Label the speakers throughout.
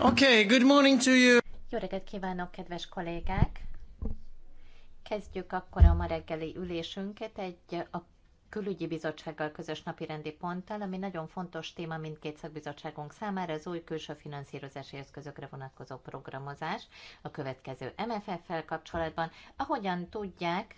Speaker 1: Okay, good morning to you. Jó reggelt kívánok, kedves kollégák! Kezdjük akkor a ma reggeli ülésünket egy a külügyi bizottsággal közös napirendi ponttal, ami nagyon fontos téma mindkét szakbizottságunk számára, az új külső finanszírozási eszközökre vonatkozó programozás a következő MFF-fel kapcsolatban. Ahogyan tudják,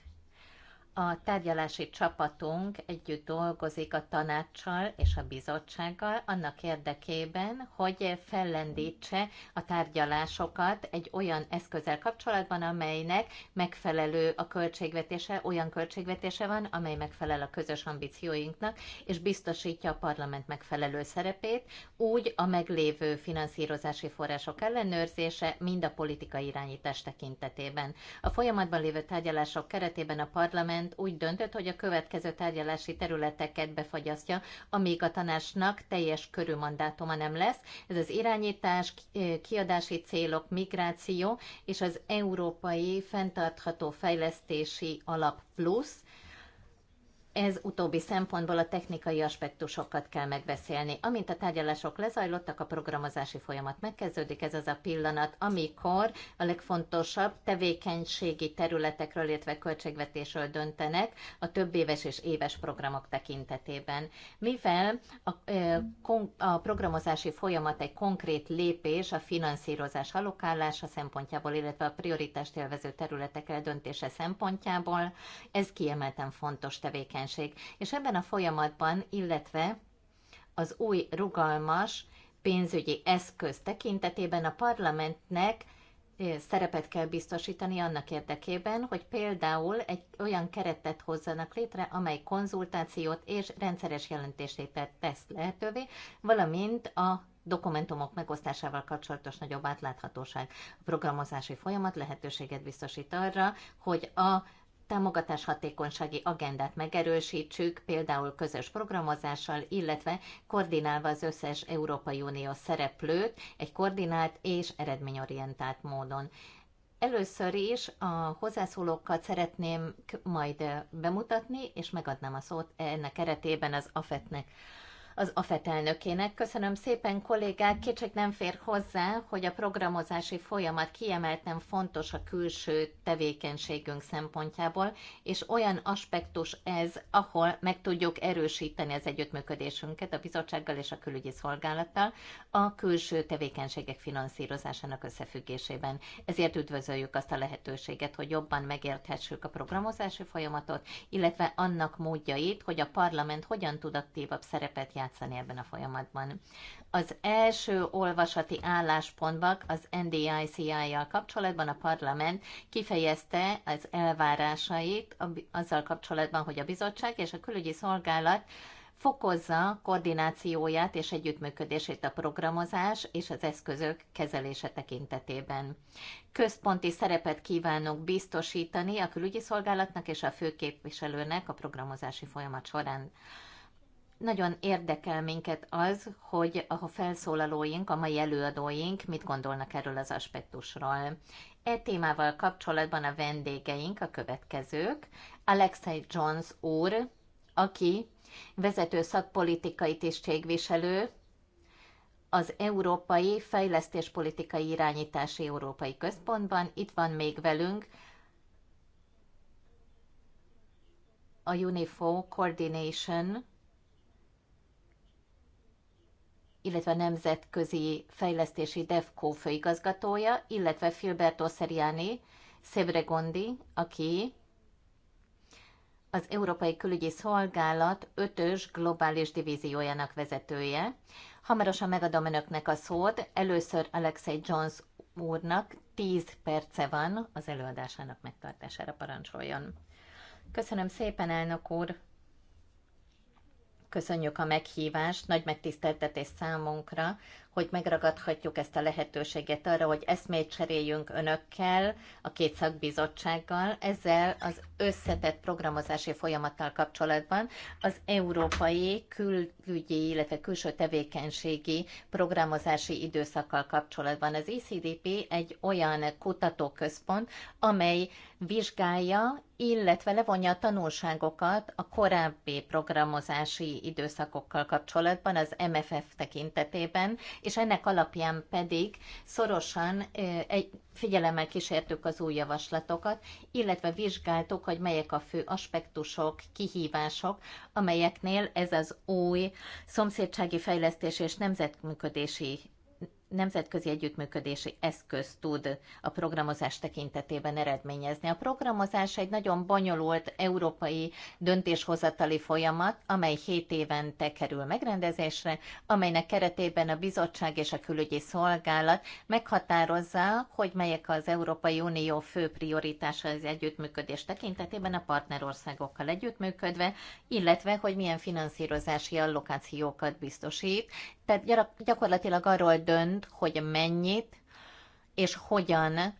Speaker 1: a tárgyalási csapatunk együtt dolgozik a tanácssal és a bizottsággal annak érdekében, hogy fellendítse a tárgyalásokat egy olyan eszközzel kapcsolatban, amelynek megfelelő a költségvetése, olyan költségvetése van, amely megfelel a közös ambícióinknak, és biztosítja a parlament megfelelő szerepét, úgy a meglévő finanszírozási források ellenőrzése, mind a politikai irányítás tekintetében. A folyamatban lévő tárgyalások keretében a parlament parlament úgy döntött, hogy a következő tárgyalási területeket befagyasztja, amíg a tanácsnak teljes körű mandátuma nem lesz. Ez az irányítás, eh, kiadási célok, migráció és az európai fenntartható fejlesztési alap plusz, ez utóbbi szempontból a technikai aspektusokat kell megbeszélni. Amint a tárgyalások lezajlottak, a programozási folyamat megkezdődik. Ez az a pillanat, amikor a legfontosabb tevékenységi területekről, illetve költségvetésről döntenek a több éves és éves programok tekintetében. Mivel a, a programozási folyamat egy konkrét lépés a finanszírozás alokálása szempontjából, illetve a prioritást élvező területekre döntése szempontjából, ez kiemelten fontos tevékenység jelenség. És ebben a folyamatban, illetve az új rugalmas pénzügyi eszköz tekintetében a parlamentnek szerepet kell biztosítani annak érdekében, hogy például egy olyan keretet hozzanak létre, amely konzultációt és rendszeres jelentéstételt tesz lehetővé, valamint a dokumentumok megosztásával kapcsolatos nagyobb átláthatóság. A programozási folyamat lehetőséget biztosít arra, hogy a támogatás hatékonysági agendát megerősítsük, például közös programozással, illetve koordinálva az összes Európai Unió szereplőt egy koordinált és eredményorientált módon. Először is a hozzászólókat szeretném majd bemutatni, és megadnám a szót ennek keretében az AFET-nek az AFET elnökének. Köszönöm szépen, kollégák! Kicsik nem fér hozzá, hogy a programozási folyamat kiemelten fontos a külső tevékenységünk szempontjából, és olyan aspektus ez, ahol meg tudjuk erősíteni az együttműködésünket a bizottsággal és a külügyi szolgálattal a külső tevékenységek finanszírozásának összefüggésében. Ezért üdvözöljük azt a lehetőséget, hogy jobban megérthessük a programozási folyamatot, illetve annak módjait, hogy a parlament hogyan tud aktívabb szerepet játszani játszani ebben a folyamatban. Az első olvasati álláspontban az NDICI-jal kapcsolatban a parlament kifejezte az elvárásait azzal kapcsolatban, hogy a bizottság és a külügyi szolgálat fokozza koordinációját és együttműködését a programozás és az eszközök kezelése tekintetében. Központi szerepet kívánok biztosítani a külügyi szolgálatnak és a főképviselőnek a programozási folyamat során nagyon érdekel minket az, hogy a felszólalóink, a mai előadóink mit gondolnak erről az aspektusról. E témával kapcsolatban a vendégeink a következők. Alexei Jones úr, aki vezető szakpolitikai tisztségviselő, az Európai Fejlesztéspolitikai Irányítási Európai Központban. Itt van még velünk a UNIFO Coordination illetve a Nemzetközi Fejlesztési DEFCO főigazgatója, illetve Filberto Seriani Sevregondi, aki az Európai Külügyi Szolgálat ötös globális divíziójának vezetője. Hamarosan megadom önöknek a szót. Először Alexei Jones úrnak 10 perce van az előadásának megtartására parancsoljon. Köszönöm szépen, elnök úr! Köszönjük a meghívást, nagy megtiszteltetés számunkra, hogy megragadhatjuk ezt a lehetőséget arra, hogy eszmét cseréljünk önökkel, a két szakbizottsággal, ezzel az összetett programozási folyamattal kapcsolatban az európai külügyi, illetve külső tevékenységi programozási időszakkal kapcsolatban. Az ECDP egy olyan kutatóközpont, amely vizsgálja, illetve levonja a tanulságokat a korábbi programozási időszakokkal kapcsolatban, az MFF tekintetében, és ennek alapján pedig szorosan figyelemmel kísértük az új javaslatokat, illetve vizsgáltuk, hogy melyek a fő aspektusok, kihívások, amelyeknél ez az új szomszédsági fejlesztés és nemzetműködési nemzetközi együttműködési eszköz tud a programozás tekintetében eredményezni. A programozás egy nagyon bonyolult európai döntéshozatali folyamat, amely 7 évente kerül megrendezésre, amelynek keretében a bizottság és a külügyi szolgálat meghatározza, hogy melyek az Európai Unió fő prioritása az együttműködés tekintetében a partnerországokkal együttműködve, illetve hogy milyen finanszírozási allokációkat biztosít, tehát gyakorlatilag arról dönt, hogy mennyit és hogyan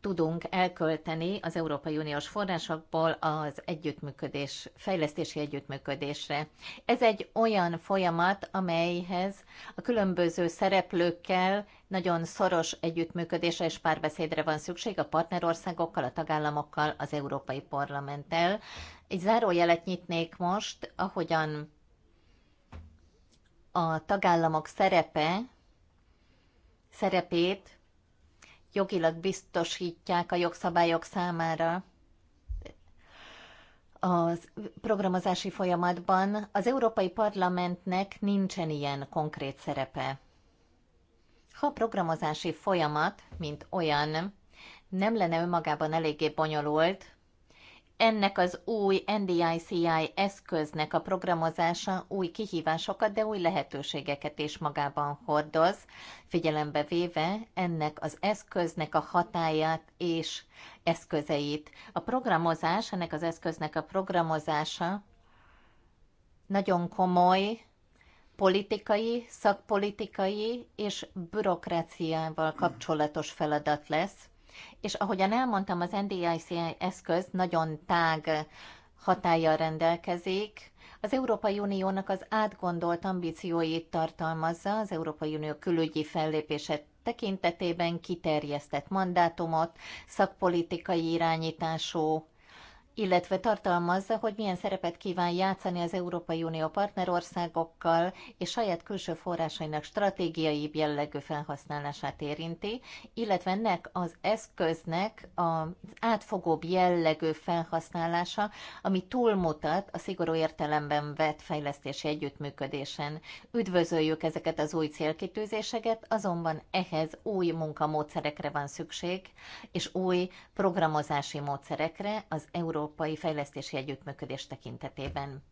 Speaker 1: tudunk elkölteni az Európai Uniós forrásokból az együttműködés, fejlesztési együttműködésre. Ez egy olyan folyamat, amelyhez a különböző szereplőkkel nagyon szoros együttműködésre és párbeszédre van szükség a partnerországokkal, a tagállamokkal, az Európai Parlamenttel. Egy zárójelet nyitnék most, ahogyan a tagállamok szerepe, szerepét jogilag biztosítják a jogszabályok számára a programozási folyamatban. Az Európai Parlamentnek nincsen ilyen konkrét szerepe. Ha a programozási folyamat, mint olyan, nem lenne önmagában eléggé bonyolult, ennek az új NDICI eszköznek a programozása új kihívásokat, de új lehetőségeket is magában hordoz, figyelembe véve ennek az eszköznek a hatáját és eszközeit. A programozás, ennek az eszköznek a programozása nagyon komoly politikai, szakpolitikai és bürokráciával kapcsolatos feladat lesz, és ahogyan elmondtam, az NDIC eszköz nagyon tág hatállyal rendelkezik, az Európai Uniónak az átgondolt ambícióit tartalmazza, az Európai Unió külügyi fellépése tekintetében kiterjesztett mandátumot, szakpolitikai irányítású illetve tartalmazza, hogy milyen szerepet kíván játszani az Európai Unió partnerországokkal, és saját külső forrásainak stratégiai jellegű felhasználását érinti, illetve ennek az eszköznek az átfogóbb jellegű felhasználása, ami túlmutat a szigorú értelemben vett fejlesztési együttműködésen. Üdvözöljük ezeket az új célkitűzéseket, azonban ehhez új munkamódszerekre van szükség, és új programozási módszerekre az Európai európai fejlesztési együttműködés tekintetében.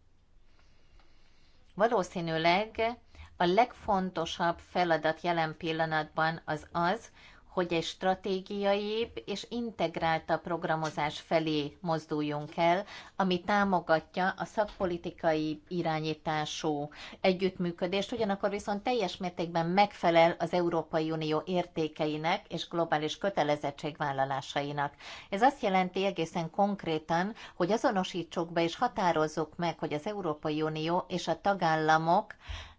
Speaker 1: Valószínűleg a legfontosabb feladat jelen pillanatban az az, hogy egy stratégiai és integrálta programozás felé mozduljunk el, ami támogatja a szakpolitikai irányítású együttműködést, ugyanakkor viszont teljes mértékben megfelel az Európai Unió értékeinek és globális kötelezettségvállalásainak. Ez azt jelenti egészen konkrétan, hogy azonosítsuk be és határozzuk meg, hogy az Európai Unió és a tagállamok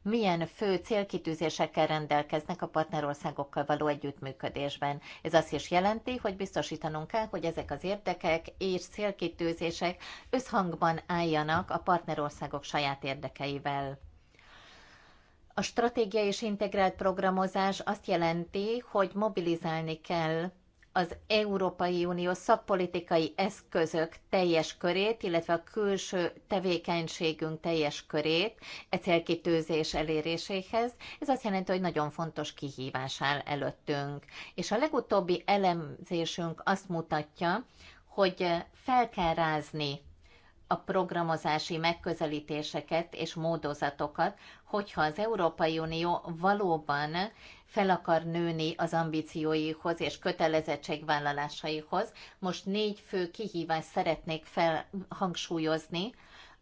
Speaker 1: milyen fő célkitűzésekkel rendelkeznek a partnerországokkal való együttműködésben. Ez azt is jelenti, hogy biztosítanunk kell, hogy ezek az érdekek és célkitűzések összhangban álljanak a partnerországok saját érdekeivel. A stratégia és integrált programozás azt jelenti, hogy mobilizálni kell az Európai Unió szakpolitikai eszközök teljes körét, illetve a külső tevékenységünk teljes körét e célkitűzés eléréséhez. Ez azt jelenti, hogy nagyon fontos kihívás áll előttünk. És a legutóbbi elemzésünk azt mutatja, hogy fel kell rázni a programozási megközelítéseket és módozatokat, hogyha az Európai Unió valóban fel akar nőni az ambícióihoz és kötelezettségvállalásaihoz. Most négy fő kihívást szeretnék felhangsúlyozni,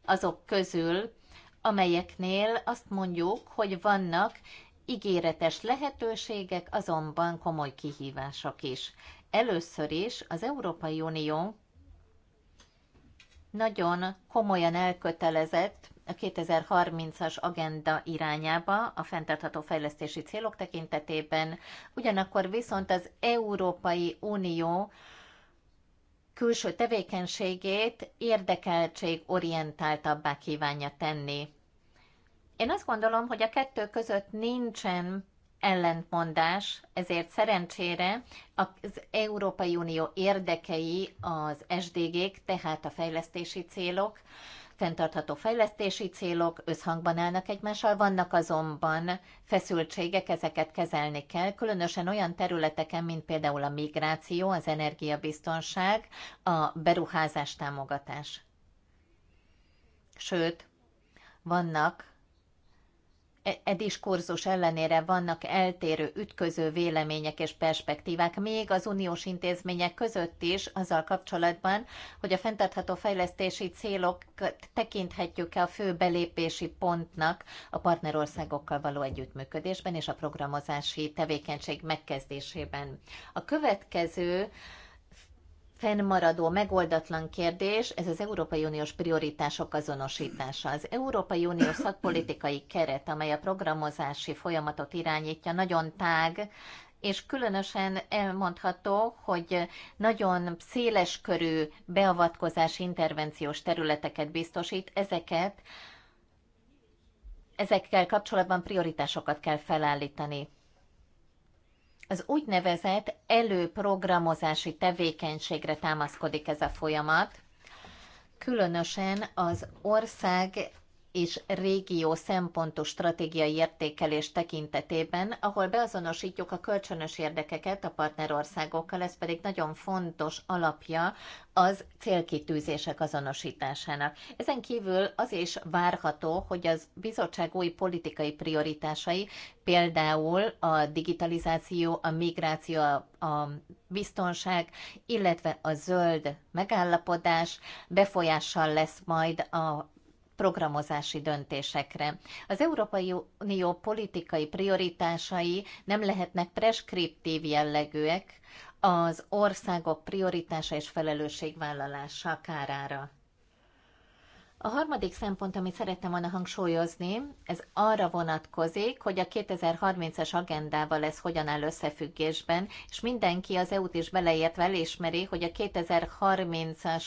Speaker 1: azok közül, amelyeknél azt mondjuk, hogy vannak ígéretes lehetőségek, azonban komoly kihívások is. Először is az Európai Unió nagyon komolyan elkötelezett a 2030-as agenda irányába a fenntartható fejlesztési célok tekintetében, ugyanakkor viszont az Európai Unió külső tevékenységét orientáltabbá kívánja tenni. Én azt gondolom, hogy a kettő között nincsen ellentmondás, ezért szerencsére az Európai Unió érdekei az SDG-k, tehát a fejlesztési célok, fenntartható fejlesztési célok összhangban állnak egymással, vannak azonban feszültségek, ezeket kezelni kell, különösen olyan területeken, mint például a migráció, az energiabiztonság, a beruházás támogatás. Sőt, vannak edis kurzus ellenére vannak eltérő, ütköző vélemények és perspektívák, még az uniós intézmények között is azzal kapcsolatban, hogy a fenntartható fejlesztési célok tekinthetjük-e a fő belépési pontnak a partnerországokkal való együttműködésben és a programozási tevékenység megkezdésében. A következő fennmaradó megoldatlan kérdés, ez az Európai Uniós prioritások azonosítása. Az Európai Uniós szakpolitikai keret, amely a programozási folyamatot irányítja, nagyon tág, és különösen elmondható, hogy nagyon széleskörű beavatkozás intervenciós területeket biztosít, ezeket ezekkel kapcsolatban prioritásokat kell felállítani. Az úgynevezett előprogramozási tevékenységre támaszkodik ez a folyamat, különösen az ország és régió szempontú stratégiai értékelés tekintetében, ahol beazonosítjuk a kölcsönös érdekeket a partnerországokkal, ez pedig nagyon fontos alapja az célkitűzések azonosításának. Ezen kívül az is várható, hogy az bizottság új politikai prioritásai, például a digitalizáció, a migráció, a biztonság, illetve a zöld megállapodás befolyással lesz majd a programozási döntésekre. Az Európai Unió politikai prioritásai nem lehetnek preskriptív jellegűek az országok prioritása és felelősségvállalása kárára. A harmadik szempont, amit szerettem volna hangsúlyozni, ez arra vonatkozik, hogy a 2030-as agendával ez hogyan áll összefüggésben, és mindenki az EU-t is beleértve elismeri, hogy a 2030-as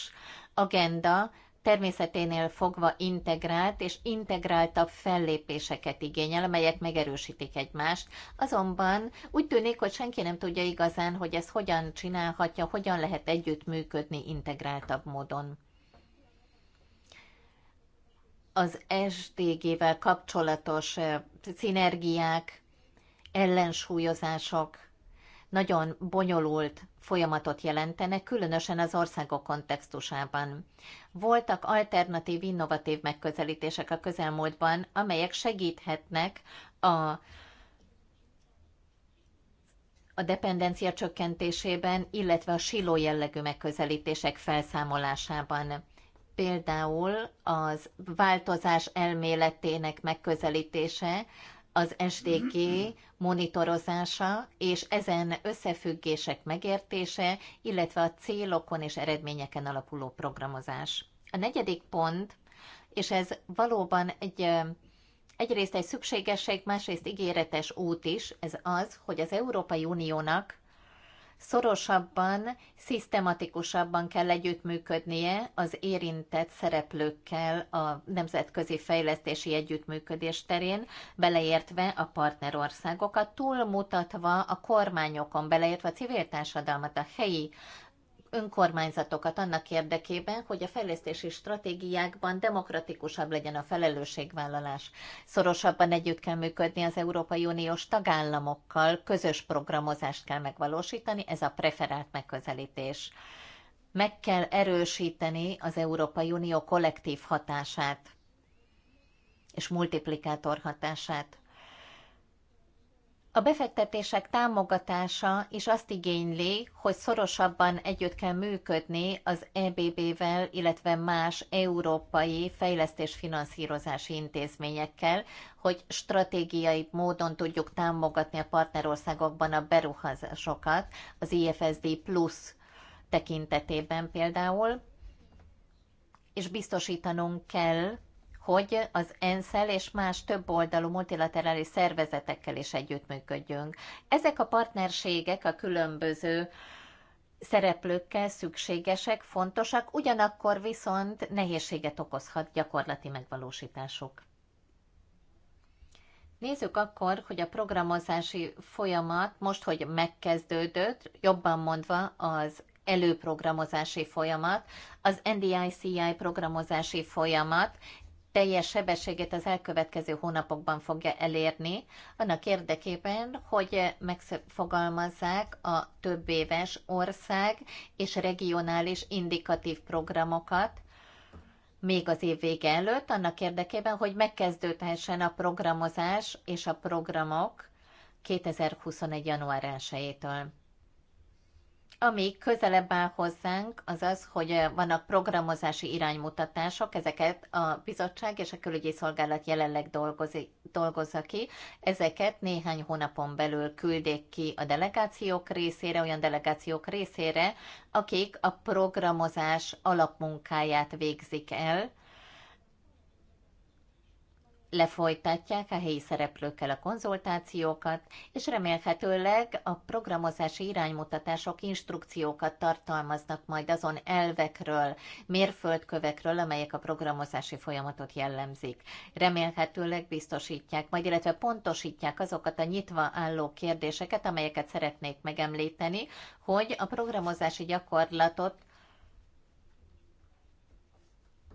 Speaker 1: agenda természeténél fogva integrált és integráltabb fellépéseket igényel, amelyek megerősítik egymást. Azonban úgy tűnik, hogy senki nem tudja igazán, hogy ez hogyan csinálhatja, hogyan lehet együttműködni integráltabb módon az SDG-vel kapcsolatos szinergiák, ellensúlyozások nagyon bonyolult folyamatot jelentene, különösen az országok kontextusában. Voltak alternatív, innovatív megközelítések a közelmúltban, amelyek segíthetnek a a dependencia csökkentésében, illetve a siló jellegű megközelítések felszámolásában. Például az változás elméletének megközelítése az SDG monitorozása és ezen összefüggések megértése, illetve a célokon és eredményeken alapuló programozás. A negyedik pont, és ez valóban egy egyrészt egy szükségesség, másrészt ígéretes út is, ez az, hogy az Európai Uniónak szorosabban, szisztematikusabban kell együttműködnie az érintett szereplőkkel a nemzetközi fejlesztési együttműködés terén, beleértve a partnerországokat, túlmutatva a kormányokon, beleértve a civil társadalmat, a helyi önkormányzatokat annak érdekében, hogy a fejlesztési stratégiákban demokratikusabb legyen a felelősségvállalás. Szorosabban együtt kell működni az Európai Uniós tagállamokkal, közös programozást kell megvalósítani, ez a preferált megközelítés. Meg kell erősíteni az Európai Unió kollektív hatását és multiplikátor hatását. A befektetések támogatása is azt igényli, hogy szorosabban együtt kell működni az EBB-vel, illetve más európai fejlesztésfinanszírozási intézményekkel, hogy stratégiai módon tudjuk támogatni a partnerországokban a beruházásokat, az IFSD plusz tekintetében például, és biztosítanunk kell, hogy az ensz és más több oldalú multilaterális szervezetekkel is együttműködjünk. Ezek a partnerségek a különböző szereplőkkel szükségesek, fontosak, ugyanakkor viszont nehézséget okozhat gyakorlati megvalósításuk. Nézzük akkor, hogy a programozási folyamat most, hogy megkezdődött, jobban mondva az előprogramozási folyamat, az NDICI programozási folyamat teljes sebességét az elkövetkező hónapokban fogja elérni, annak érdekében, hogy megfogalmazzák a több éves ország és regionális indikatív programokat, még az év vége előtt, annak érdekében, hogy megkezdődhessen a programozás és a programok 2021. január 1-től. Ami közelebb áll hozzánk, az az, hogy eh, vannak programozási iránymutatások, ezeket a bizottság és a külügyi szolgálat jelenleg dolgozi, dolgozza ki. Ezeket néhány hónapon belül küldik ki a delegációk részére, olyan delegációk részére, akik a programozás alapmunkáját végzik el, lefolytatják a helyi szereplőkkel a konzultációkat, és remélhetőleg a programozási iránymutatások instrukciókat tartalmaznak majd azon elvekről, mérföldkövekről, amelyek a programozási folyamatot jellemzik. Remélhetőleg biztosítják, majd illetve pontosítják azokat a nyitva álló kérdéseket, amelyeket szeretnék megemlíteni, hogy a programozási gyakorlatot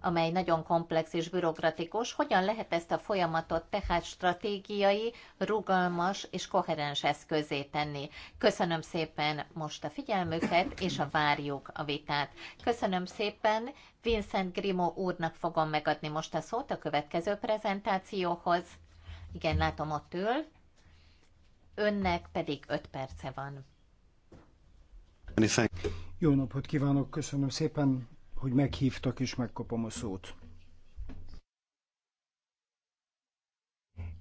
Speaker 1: amely nagyon komplex és bürokratikus, hogyan lehet ezt a folyamatot tehát stratégiai, rugalmas és koherens eszközé tenni. Köszönöm szépen most a figyelmüket, és a várjuk a vitát. Köszönöm szépen, Vincent Grimo úrnak fogom megadni most a szót a következő prezentációhoz. Igen, látom, ott ül. Önnek pedig 5 perce van.
Speaker 2: Jó napot kívánok, köszönöm szépen hogy meghívtak és megkapom a szót.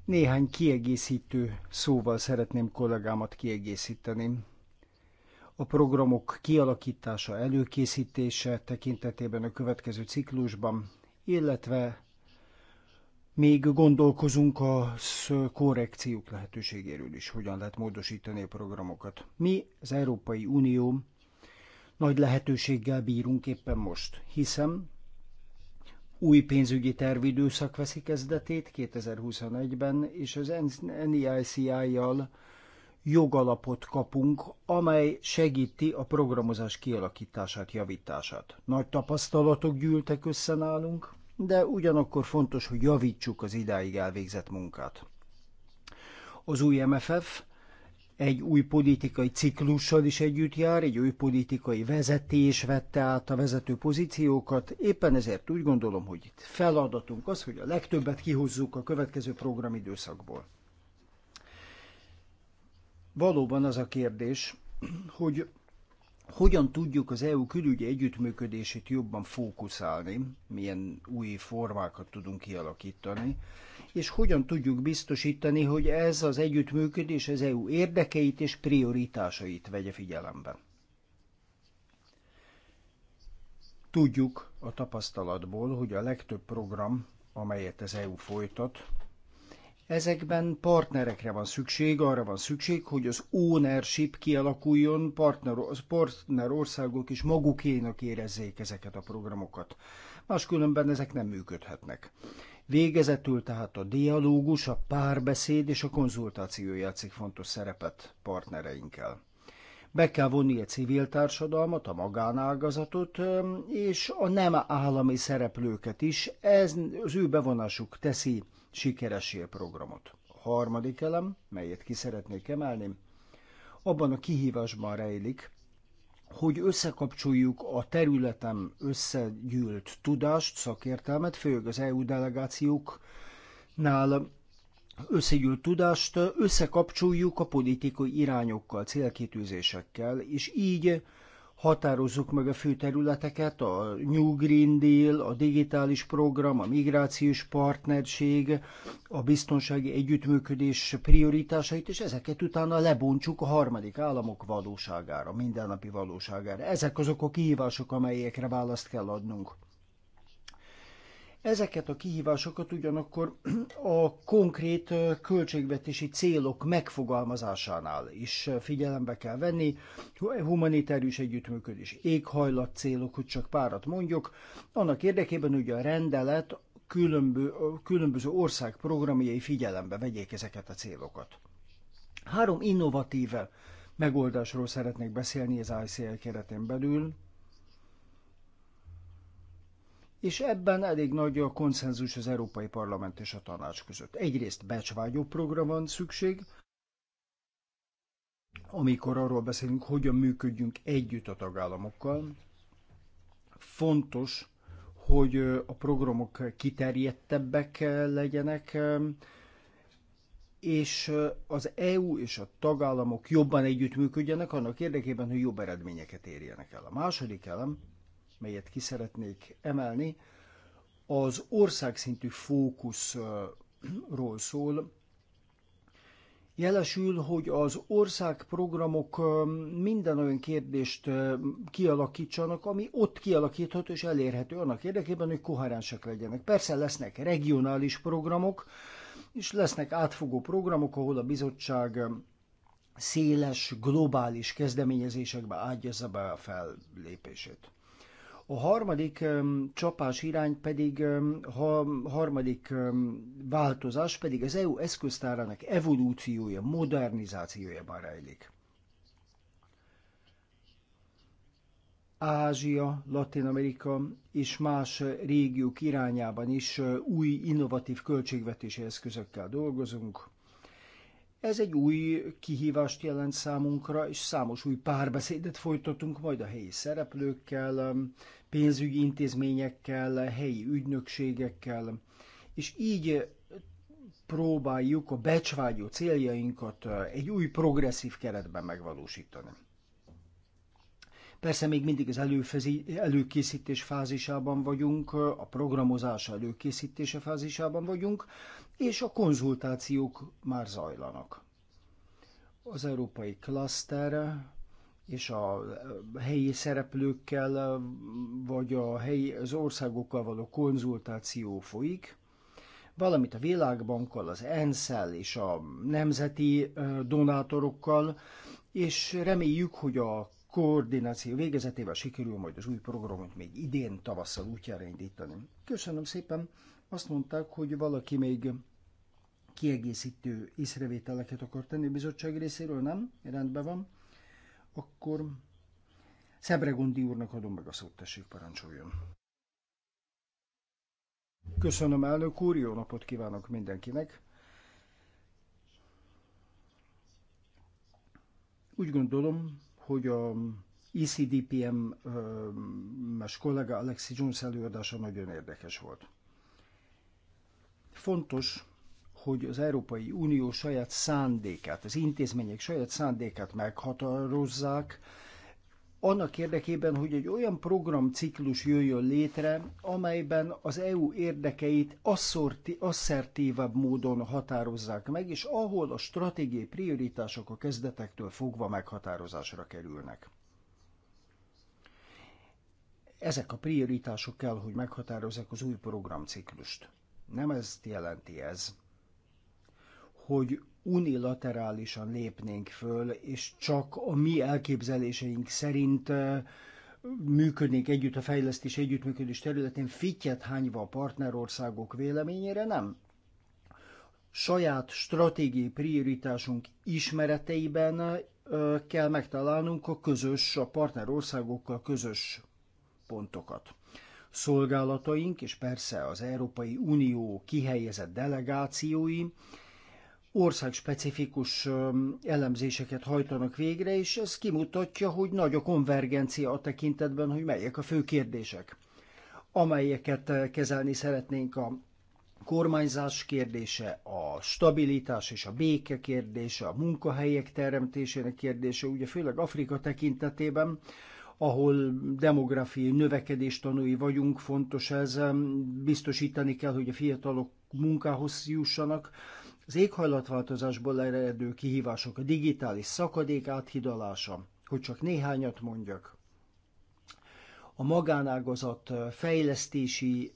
Speaker 2: Néhány kiegészítő szóval szeretném kollégámat kiegészíteni. A programok kialakítása, előkészítése tekintetében a következő ciklusban, illetve még gondolkozunk a korrekciók lehetőségéről is, hogyan lehet módosítani a programokat. Mi, az Európai Unió nagy lehetőséggel bírunk éppen most, hiszem új pénzügyi tervidőszak veszi kezdetét 2021-ben, és az NEICI-jal jogalapot kapunk, amely segíti a programozás kialakítását, javítását. Nagy tapasztalatok gyűltek össze nálunk, de ugyanakkor fontos, hogy javítsuk az idáig elvégzett munkát. Az új MFF egy új politikai ciklussal is együtt jár, egy új politikai vezetés vette át a vezető pozíciókat. Éppen ezért úgy gondolom, hogy itt feladatunk az, hogy a legtöbbet kihozzuk a következő programidőszakból. Valóban az a kérdés, hogy hogyan tudjuk az EU külügyi együttműködését jobban fókuszálni, milyen új formákat tudunk kialakítani, és hogyan tudjuk biztosítani, hogy ez az együttműködés az EU érdekeit és prioritásait vegye figyelembe. Tudjuk a tapasztalatból, hogy a legtöbb program, amelyet az EU folytat, Ezekben partnerekre van szükség, arra van szükség, hogy az ownership kialakuljon, partner, az partner országok is magukénak érezzék ezeket a programokat. Máskülönben ezek nem működhetnek. Végezetül tehát a dialógus, a párbeszéd és a konzultáció játszik fontos szerepet partnereinkkel. Be kell vonni a civil társadalmat, a magánágazatot és a nem állami szereplőket is, ez az ő bevonásuk teszi sikeresé a programot. A harmadik elem, melyet ki szeretnék emelni, abban a kihívásban rejlik, hogy összekapcsoljuk a területem összegyűlt tudást, szakértelmet, főleg az EU delegációknál összegyűlt tudást, összekapcsoljuk a politikai irányokkal, célkitűzésekkel, és így határozzuk meg a fő területeket, a New Green Deal, a digitális program, a migrációs partnerség, a biztonsági együttműködés prioritásait, és ezeket utána lebontsuk a harmadik államok valóságára, mindennapi valóságára. Ezek azok a kihívások, amelyekre választ kell adnunk. Ezeket a kihívásokat ugyanakkor a konkrét költségvetési célok megfogalmazásánál is figyelembe kell venni. Humanitárius együttműködés, éghajlat célok, hogy csak párat mondjuk. Annak érdekében, hogy a rendelet különböző ország programjai figyelembe vegyék ezeket a célokat. Három innovatív megoldásról szeretnék beszélni az ICL keretén belül, és ebben elég nagy a konszenzus az Európai Parlament és a Tanács között. Egyrészt becsvágyó program van szükség, amikor arról beszélünk, hogyan működjünk együtt a tagállamokkal. Fontos, hogy a programok kiterjedtebbek legyenek, és az EU és a tagállamok jobban együttműködjenek annak érdekében, hogy jobb eredményeket érjenek el. A második elem melyet ki szeretnék emelni, az országszintű fókuszról szól. Jelesül, hogy az országprogramok minden olyan kérdést kialakítsanak, ami ott kialakítható és elérhető annak érdekében, hogy koherensek legyenek. Persze lesznek regionális programok, és lesznek átfogó programok, ahol a bizottság széles, globális kezdeményezésekbe ágyazza be a fellépését. A harmadik csapás irány pedig, ha harmadik változás pedig az EU eszköztárának evolúciója, modernizációja rejlik. Ázsia, Latin Amerika és más régiók irányában is új innovatív költségvetési eszközökkel dolgozunk. Ez egy új kihívást jelent számunkra, és számos új párbeszédet folytatunk majd a helyi szereplőkkel, um, pénzügyi intézményekkel, helyi ügynökségekkel, és így uh, próbáljuk a becsvágyó céljainkat uh, egy új progresszív keretben megvalósítani. Persze még mindig az előfezi, előkészítés fázisában vagyunk, a programozás előkészítése fázisában vagyunk, és a konzultációk már zajlanak. Az európai klaszter és a helyi szereplőkkel, vagy a helyi, az országokkal való konzultáció folyik, valamint a Világbankkal, az ensz és a nemzeti donátorokkal, és reméljük, hogy a koordináció végezetével sikerül majd az új programot még idén tavasszal útjára indítani. Köszönöm szépen. Azt mondták, hogy valaki még kiegészítő észrevételeket akar tenni a bizottság részéről, nem? Rendben van. Akkor Gondi úrnak adom meg a szót, tessék parancsoljon. Köszönöm, elnök úr, jó napot kívánok mindenkinek. Úgy gondolom, hogy a ECDPM-es kollega Alexi Jones előadása nagyon érdekes volt. Fontos, hogy az Európai Unió saját szándékát, az intézmények saját szándékát meghatározzák, annak érdekében, hogy egy olyan programciklus jöjjön létre, amelyben az EU érdekeit asszorti, asszertívabb módon határozzák meg, és ahol a stratégiai prioritások a kezdetektől fogva meghatározásra kerülnek. Ezek a prioritások kell, hogy meghatározzák az új programciklust. Nem ezt jelenti ez, hogy unilaterálisan lépnénk föl, és csak a mi elképzeléseink szerint működnék együtt a fejlesztés együttműködés területén, fittyet hányva a partnerországok véleményére, nem. Saját stratégiai prioritásunk ismereteiben kell megtalálnunk a közös, a partnerországokkal közös pontokat. Szolgálataink, és persze az Európai Unió kihelyezett delegációi, országspecifikus elemzéseket hajtanak végre, és ez kimutatja, hogy nagy a konvergencia a tekintetben, hogy melyek a fő kérdések, amelyeket kezelni szeretnénk a kormányzás kérdése, a stabilitás és a béke kérdése, a munkahelyek teremtésének kérdése, ugye főleg Afrika tekintetében, ahol demográfiai növekedés tanúi vagyunk, fontos ez, biztosítani kell, hogy a fiatalok munkához jussanak, az éghajlatváltozásból eredő kihívások, a digitális szakadék áthidalása, hogy csak néhányat mondjak, a magánágazat fejlesztési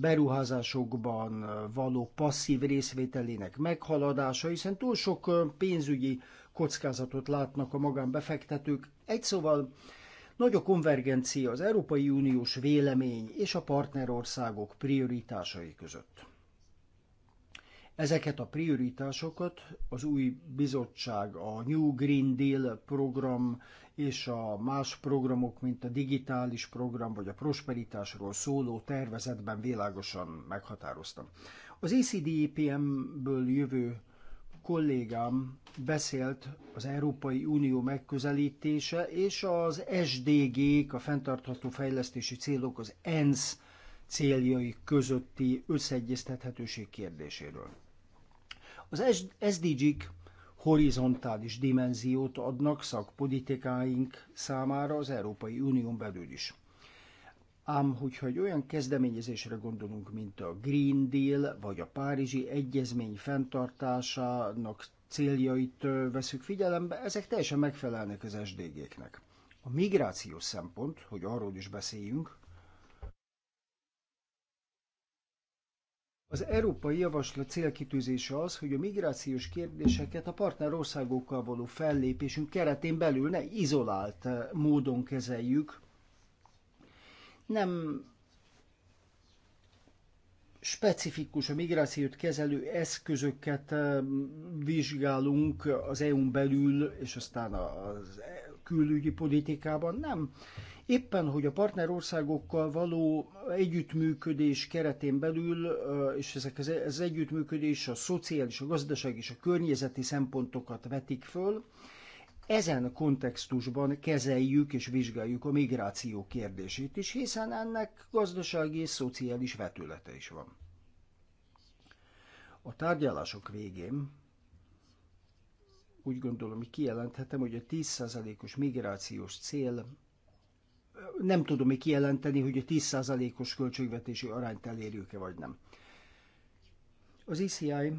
Speaker 2: beruházásokban való passzív részvételének meghaladása, hiszen túl sok pénzügyi kockázatot látnak a magánbefektetők. Egy szóval nagy a konvergencia az Európai Uniós vélemény és a partnerországok prioritásai között. Ezeket a prioritásokat az új bizottság, a New Green Deal program és a más programok, mint a digitális program vagy a prosperitásról szóló tervezetben világosan meghatároztam. Az ECDPM-ből jövő kollégám beszélt az Európai Unió megközelítése és az SDG-k, a fenntartható fejlesztési célok az ENSZ céljai közötti összeegyeztethetőség kérdéséről. Az SDG-k horizontális dimenziót adnak szakpolitikáink számára az Európai Unión belül is. Ám hogyha egy olyan kezdeményezésre gondolunk, mint a Green Deal vagy a Párizsi Egyezmény fenntartásának céljait veszük figyelembe, ezek teljesen megfelelnek az SDG-knek. A migrációs szempont, hogy arról is beszéljünk, Az európai javaslat célkitűzése az, hogy a migrációs kérdéseket a partnerországokkal való fellépésünk keretén belül ne izolált eh, módon kezeljük. Nem specifikus a migrációt kezelő eszközöket eh, vizsgálunk az EU-n belül, és aztán az külügyi politikában, nem. Éppen, hogy a partnerországokkal való együttműködés keretén belül, és ezek az, az együttműködés a szociális, a gazdaság és a környezeti szempontokat vetik föl, ezen kontextusban kezeljük és vizsgáljuk a migráció kérdését is, hiszen ennek gazdasági és szociális vetülete is van. A tárgyalások végén úgy gondolom, hogy kijelenthetem, hogy a 10%-os migrációs cél, nem tudom még kijelenteni, hogy a 10%-os költségvetési arányt elérjük-e vagy nem. Az ECI a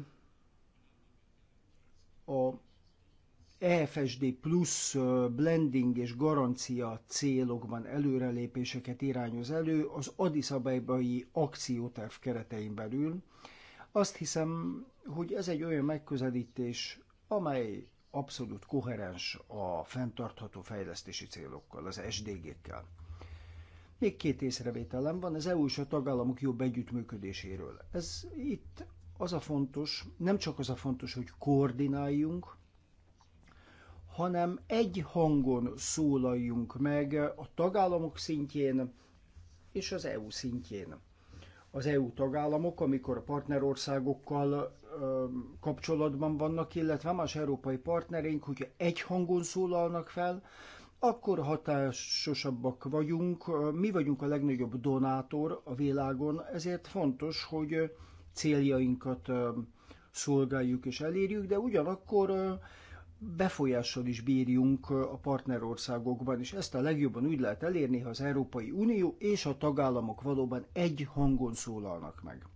Speaker 2: EFSD plusz blending és garancia célokban előrelépéseket irányoz elő az Addis Abebai akcióterv keretein belül. Azt hiszem, hogy ez egy olyan megközelítés, amely abszolút koherens a fenntartható fejlesztési célokkal, az SDG-kkel. Még két észrevételem van az EU és a tagállamok jobb együttműködéséről. Ez itt az a fontos, nem csak az a fontos, hogy koordináljunk, hanem egy hangon szólaljunk meg a tagállamok szintjén és az EU szintjén. Az EU tagállamok, amikor a partnerországokkal kapcsolatban vannak, illetve más európai partnereink, hogyha egy hangon szólalnak fel, akkor hatásosabbak vagyunk, mi vagyunk a legnagyobb donátor a világon, ezért fontos, hogy céljainkat szolgáljuk és elérjük, de ugyanakkor befolyással is bírjunk a partnerországokban, és ezt a legjobban úgy lehet elérni, ha az Európai Unió és a tagállamok valóban egy hangon szólalnak meg.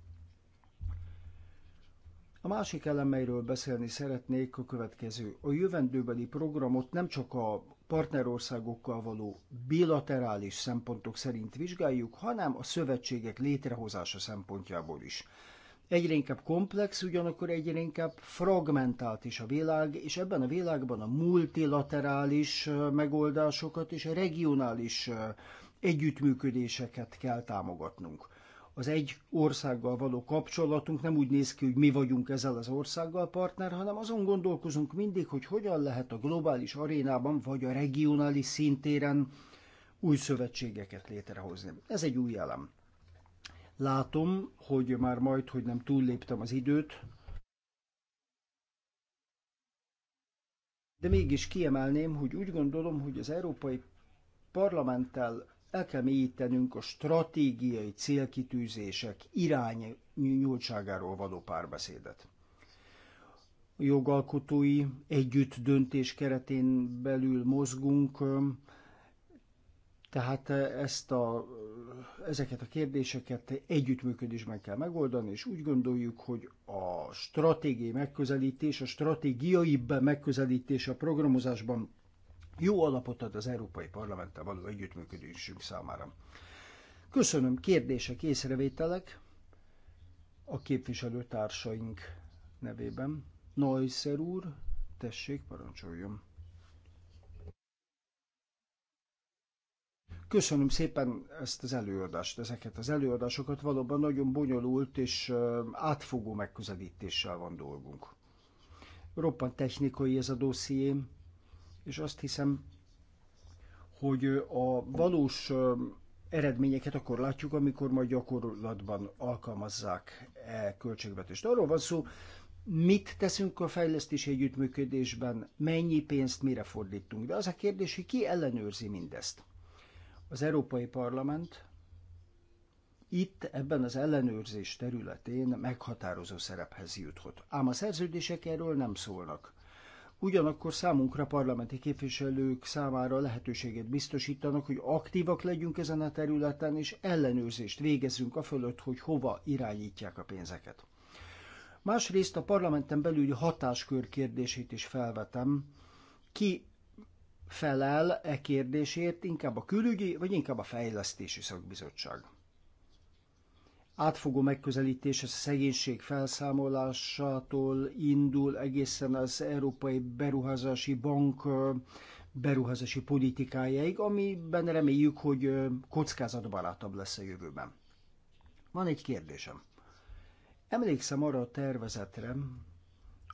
Speaker 2: A másik elemeiről beszélni szeretnék a következő. A jövendőbeli programot nem csak a partnerországokkal való bilaterális szempontok szerint vizsgáljuk, hanem a szövetségek létrehozása szempontjából is. Egyre inkább komplex, ugyanakkor egyre inkább fragmentált is a világ, és ebben a világban a multilaterális megoldásokat és a regionális együttműködéseket kell támogatnunk az egy országgal való kapcsolatunk nem úgy néz ki, hogy mi vagyunk ezzel az országgal partner, hanem azon gondolkozunk mindig, hogy hogyan lehet a globális arénában vagy a regionális szintéren új szövetségeket létrehozni. Ez egy új elem. Látom, hogy már majd, hogy nem túlléptem az időt, de mégis kiemelném, hogy úgy gondolom, hogy az Európai Parlamenttel el kell mélyítenünk a stratégiai célkitűzések irányultságáról való párbeszédet. A jogalkotói együtt döntés keretén belül mozgunk, tehát ezt a, ezeket a kérdéseket együttműködésben kell megoldani, és úgy gondoljuk, hogy a stratégiai megközelítés, a stratégiai megközelítés a programozásban jó alapot ad az Európai Parlamenttel való együttműködésünk számára. Köszönöm kérdések, észrevételek a képviselőtársaink nevében. Neusser úr, tessék, parancsoljon. Köszönöm szépen ezt az előadást, ezeket az előadásokat. Valóban nagyon bonyolult és átfogó megközelítéssel van dolgunk. Roppant technikai ez a dossziém, és azt hiszem, hogy a valós eredményeket akkor látjuk, amikor majd gyakorlatban alkalmazzák e költségvetést. Arról van szó, mit teszünk a fejlesztési együttműködésben, mennyi pénzt mire fordítunk. De az a kérdés, hogy ki ellenőrzi mindezt. Az Európai Parlament itt ebben az ellenőrzés területén meghatározó szerephez juthat. Ám a szerződések erről nem szólnak ugyanakkor számunkra parlamenti képviselők számára lehetőséget biztosítanak, hogy aktívak legyünk ezen a területen, és ellenőrzést végezzünk a fölött, hogy hova irányítják a pénzeket. Másrészt a parlamenten belüli hatáskör kérdését is felvetem. Ki felel e kérdésért, inkább a külügyi, vagy inkább a fejlesztési szakbizottság? átfogó megközelítés a szegénység felszámolásától indul egészen az Európai Beruházási Bank beruházási politikájáig, amiben reméljük, hogy kockázatbarátabb lesz a jövőben. Van egy kérdésem. Emlékszem arra a tervezetre,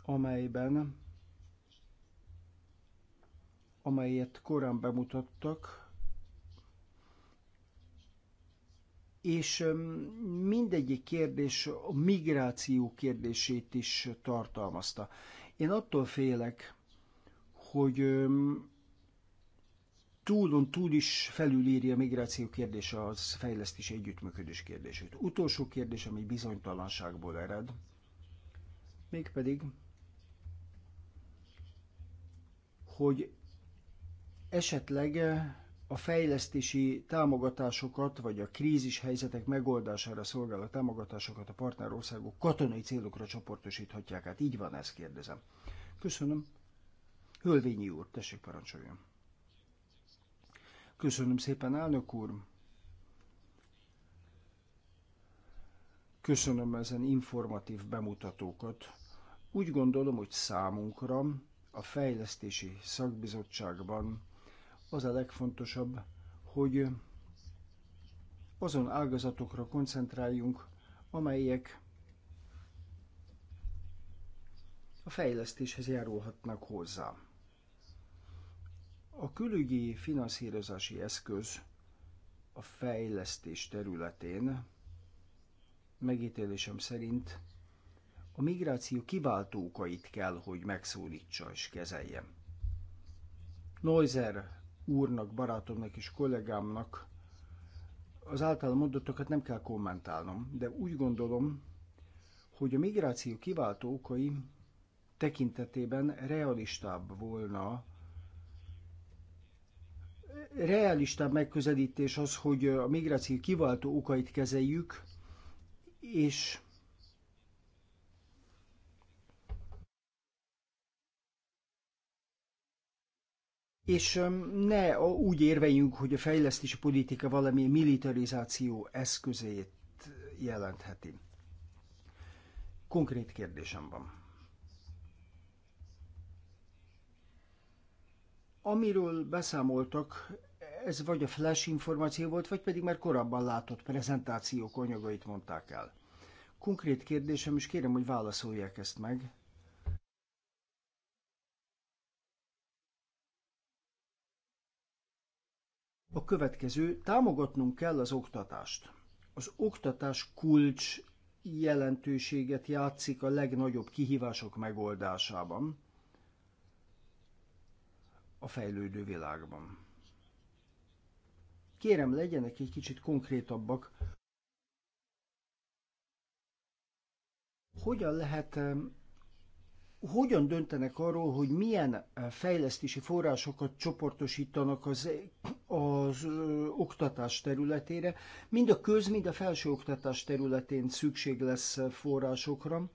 Speaker 2: amelyben amelyet korán bemutattak, és mindegyik kérdés a migráció kérdését is tartalmazta. Én attól félek, hogy túlon túl is felülírja a migráció kérdése az fejlesztés együttműködés kérdését. Utolsó kérdés, ami bizonytalanságból ered, mégpedig, hogy esetleg a fejlesztési támogatásokat, vagy a krízis helyzetek megoldására szolgáló támogatásokat a partnerországok katonai célokra csoportosíthatják át. Így van, ezt kérdezem. Köszönöm. Hölvényi úr, tessék parancsoljon. Köszönöm szépen, elnök úr. Köszönöm ezen informatív bemutatókat. Úgy gondolom, hogy számunkra a fejlesztési szakbizottságban az a legfontosabb, hogy azon ágazatokra koncentráljunk, amelyek a fejlesztéshez járulhatnak hozzá. A külügyi finanszírozási eszköz a fejlesztés területén megítélésem szerint a migráció kiváltókait kell, hogy megszólítsa és kezelje. Neuser úrnak, barátomnak és kollégámnak az általam mondottakat nem kell kommentálnom, de úgy gondolom, hogy a migráció kiváltó okai tekintetében realistább volna, realistább megközelítés az, hogy a migráció kiváltó okait kezeljük, és és ne úgy érveljünk, hogy a fejlesztési politika valami militarizáció eszközét jelentheti. Konkrét kérdésem van. Amiről beszámoltak, ez vagy a flash információ volt, vagy pedig már korábban látott prezentációk anyagait mondták el. Konkrét kérdésem, és kérem, hogy válaszolják ezt meg, a következő, támogatnunk kell az oktatást. Az oktatás kulcs jelentőséget játszik a legnagyobb kihívások megoldásában a fejlődő világban. Kérem, legyenek egy kicsit konkrétabbak. Hogyan lehet hogyan döntenek arról, hogy milyen eh, fejlesztési forrásokat csoportosítanak az, az ö, oktatás területére. Mind a köz, mind a felsőoktatás területén szükség lesz eh, forrásokra,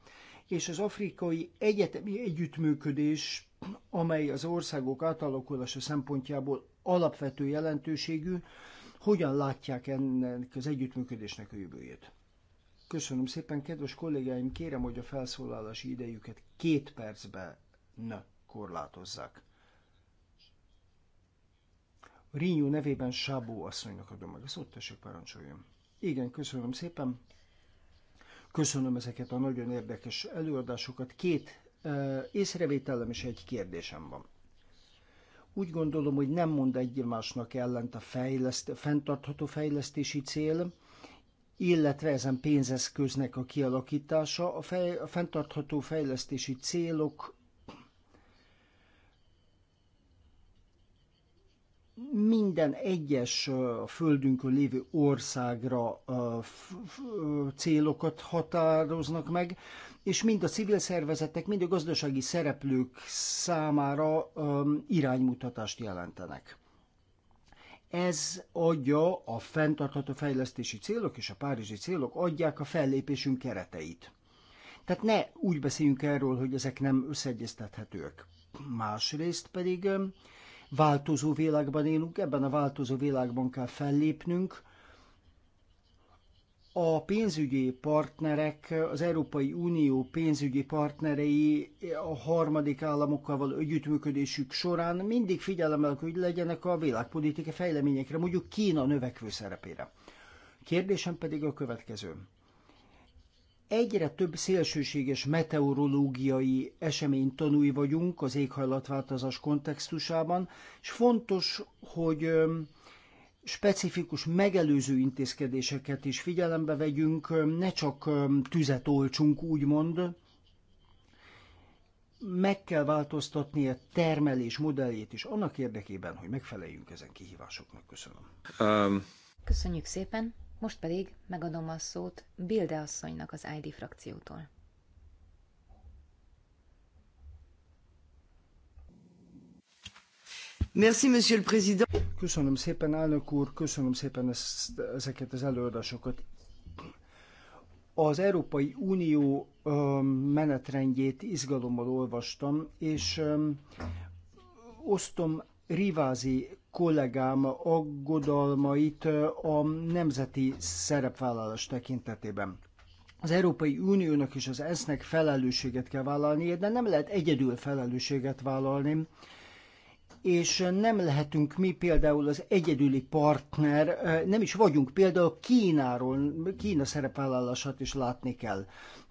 Speaker 2: és az afrikai egyetemi együttműködés, amely az országok átalakulása szempontjából alapvető jelentőségű, hogyan látják ennek az együttműködésnek a jövőjét? Köszönöm szépen, kedves kollégáim, kérem, hogy a felszólalási idejüket két percben ne korlátozzák. Rinyú nevében Sábó asszonynak adom meg a szót, tessék parancsoljon. Igen, köszönöm szépen. Köszönöm ezeket a nagyon érdekes előadásokat. Két uh, észrevételem és egy kérdésem van. Úgy gondolom, hogy nem mond egymásnak ellent a fejleszt, fenntartható fejlesztési cél, illetve ezen pénzeszköznek a kialakítása, a, fej, a fenntartható fejlesztési célok minden egyes a földünkön lévő országra célokat határoznak meg, és mind a civil szervezetek, mind a gazdasági szereplők számára iránymutatást jelentenek. Ez adja a fenntartható fejlesztési célok és a párizsi célok adják a fellépésünk kereteit. Tehát ne úgy beszéljünk erről, hogy ezek nem összeegyeztethetők. Másrészt pedig um, változó világban élünk, ebben a változó világban kell fellépnünk, a pénzügyi partnerek, az Európai Unió pénzügyi partnerei a harmadik államokkal való együttműködésük során mindig figyelemmel hogy legyenek a világpolitika fejleményekre, mondjuk Kína növekvő szerepére. Kérdésem pedig a következő. Egyre több szélsőséges meteorológiai esemény tanúi vagyunk az éghajlatváltozás kontextusában, és fontos, hogy specifikus megelőző intézkedéseket is figyelembe vegyünk, ne csak tüzet olcsunk, úgymond, meg kell változtatni a termelés modelljét is annak érdekében, hogy megfeleljünk ezen kihívásoknak. Köszönöm.
Speaker 1: Um.
Speaker 3: Köszönjük szépen. Most pedig megadom a szót Bilde asszonynak az ID frakciótól.
Speaker 2: Merci, Monsieur le Président. Köszönöm szépen, elnök úr, köszönöm szépen ezt, ezeket az előadásokat. Az Európai Unió menetrendjét izgalommal olvastam, és osztom Rivázi kollégám aggodalmait a nemzeti szerepvállalás tekintetében. Az Európai Uniónak és az ENSZ-nek felelősséget kell vállalni, de nem lehet egyedül felelősséget vállalni és nem lehetünk mi például az egyedüli partner, nem is vagyunk, például Kínáról, Kína szerepvállalását is látni kell.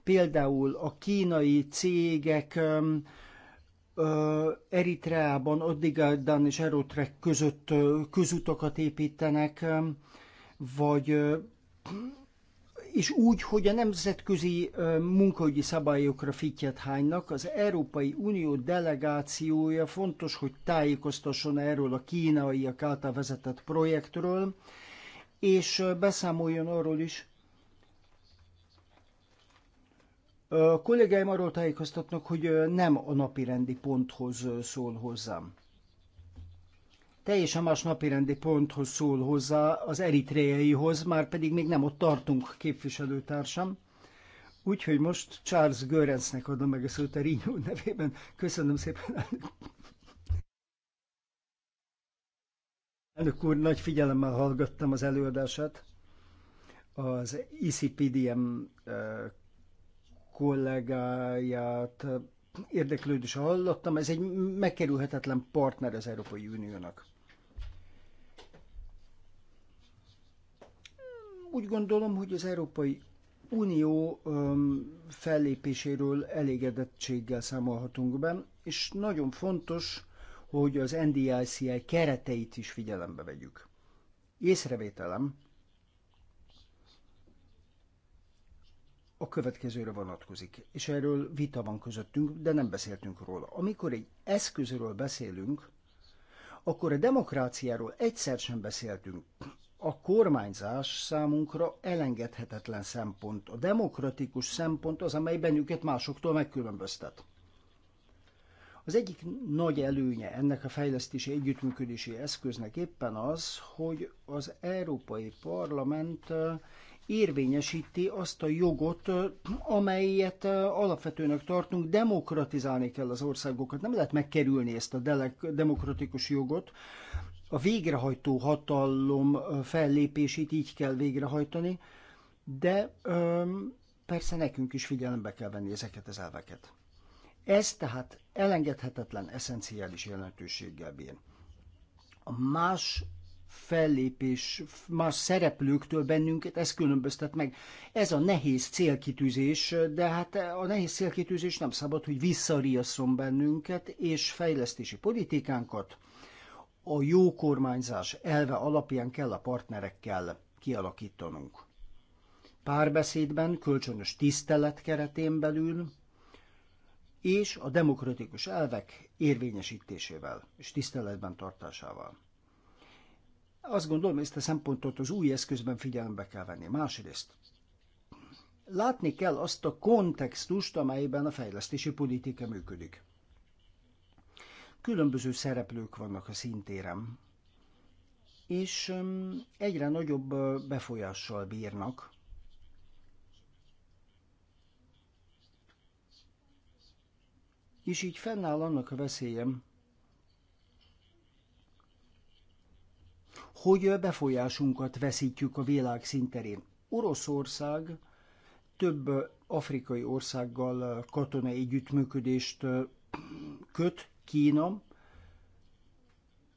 Speaker 2: Például a kínai cégek Eritreában, Addigádán és Erotrek között közutakat építenek, vagy és úgy, hogy a nemzetközi munkahogyi szabályokra fittyet hánynak, az Európai Unió delegációja fontos, hogy tájékoztasson erről a kínaiak által vezetett projektről, és beszámoljon arról is, a kollégáim arról tájékoztatnak, hogy nem a napi rendi ponthoz szól hozzám teljesen más napirendi ponthoz szól hozzá, az eritreaihoz, már pedig még nem ott tartunk képviselőtársam. Úgyhogy most Charles Görensnek adom meg a szót a Rinyó nevében. Köszönöm szépen, elnök. Elnök úr, nagy figyelemmel hallgattam az előadását. Az ICPDM eh, kollégáját érdeklődés hallottam, ez egy megkerülhetetlen partner az Európai Uniónak. Úgy gondolom, hogy az Európai Unió öm, fellépéséről elégedettséggel számolhatunk be, és nagyon fontos, hogy az NDICI kereteit is figyelembe vegyük. Észrevételem, a következőre vonatkozik, és erről vita van közöttünk, de nem beszéltünk róla. Amikor egy eszközről beszélünk, akkor a demokráciáról egyszer sem beszéltünk. A kormányzás számunkra elengedhetetlen szempont. A demokratikus szempont az, amely bennünket másoktól megkülönböztet. Az egyik nagy előnye ennek a fejlesztési együttműködési eszköznek éppen az, hogy az Európai Parlament érvényesíti azt a jogot, amelyet alapvetőnek tartunk, demokratizálni kell az országokat. Nem lehet megkerülni ezt a demokratikus jogot. A végrehajtó hatalom fellépését így kell végrehajtani, de öm, persze nekünk is figyelembe kell venni ezeket az elveket. Ez tehát elengedhetetlen, eszenciális jelentőséggel bír. A más fellépés más szereplőktől bennünket, ez különböztet meg. Ez a nehéz célkitűzés, de hát a nehéz célkitűzés nem szabad, hogy visszariasszon bennünket, és fejlesztési politikánkat a jó kormányzás elve alapján kell a partnerekkel kialakítanunk. Párbeszédben, kölcsönös tisztelet keretén belül, és a demokratikus elvek érvényesítésével és tiszteletben tartásával. Azt gondolom, ezt a szempontot az új eszközben figyelembe kell venni. Másrészt, látni kell azt a kontextust, amelyben a fejlesztési politika működik. Különböző szereplők vannak a szintérem, és egyre nagyobb befolyással bírnak. És így fennáll annak a veszélyem, hogy befolyásunkat veszítjük a világ szinterén. Oroszország több afrikai országgal katonai együttműködést köt, Kína,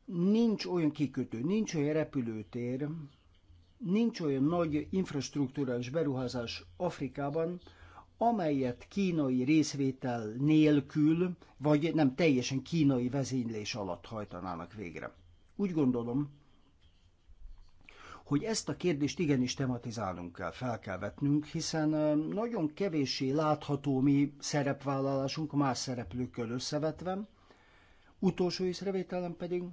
Speaker 2: nincs olyan kikötő, nincs olyan repülőtér, nincs olyan nagy infrastruktúrás beruházás Afrikában, amelyet kínai részvétel nélkül, vagy nem teljesen kínai vezénylés alatt hajtanának végre. Úgy gondolom, hogy ezt a kérdést igenis tematizálnunk kell, fel kell vetnünk, hiszen nagyon kevéssé látható mi szerepvállalásunk más szereplőkkel összevetve. Utolsó észrevételem pedig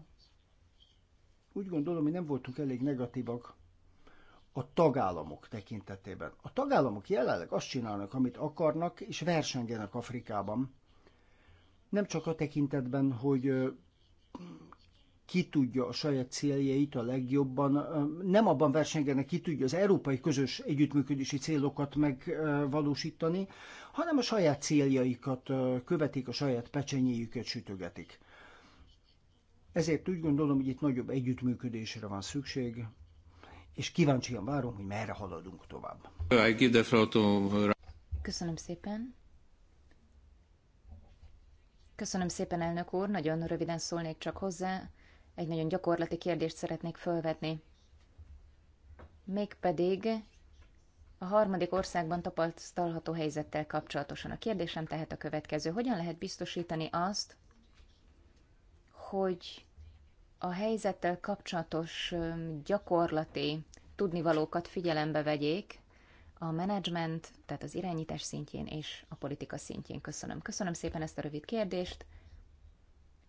Speaker 2: úgy gondolom, hogy nem voltunk elég negatívak a tagállamok tekintetében. A tagállamok jelenleg azt csinálnak, amit akarnak, és versengenek Afrikában. Nem csak a tekintetben, hogy ki tudja a saját céljait a legjobban, nem abban versengenek, ki tudja az európai közös együttműködési célokat megvalósítani, hanem a saját céljaikat követik, a saját pecsenyéjüket sütögetik. Ezért úgy gondolom, hogy itt nagyobb együttműködésre van szükség, és kíváncsian várom, hogy merre haladunk tovább.
Speaker 3: Köszönöm szépen. Köszönöm szépen, elnök úr, nagyon röviden szólnék csak hozzá egy nagyon gyakorlati kérdést szeretnék fölvetni. Mégpedig a harmadik országban tapasztalható helyzettel kapcsolatosan. A kérdésem tehát a következő. Hogyan lehet biztosítani azt, hogy a helyzettel kapcsolatos gyakorlati tudnivalókat figyelembe vegyék a menedzsment, tehát az irányítás szintjén és a politika szintjén. Köszönöm. Köszönöm szépen ezt a rövid kérdést.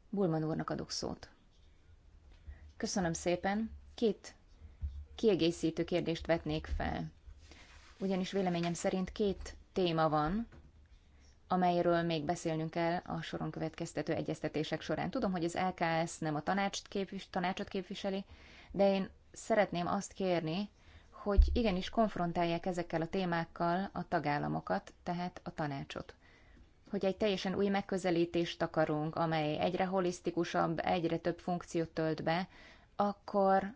Speaker 3: Bulman úrnak adok szót. Köszönöm szépen. Két kiegészítő kérdést vetnék fel. Ugyanis véleményem szerint két téma van, amelyről még beszélnünk kell a soron következtető egyeztetések során. Tudom, hogy az LKS nem a tanácsot, képvis, tanácsot képviseli, de én szeretném azt kérni, hogy igenis konfrontálják ezekkel a témákkal a tagállamokat, tehát a tanácsot. Hogy egy teljesen új megközelítést akarunk, amely egyre holisztikusabb, egyre több funkciót tölt be, akkor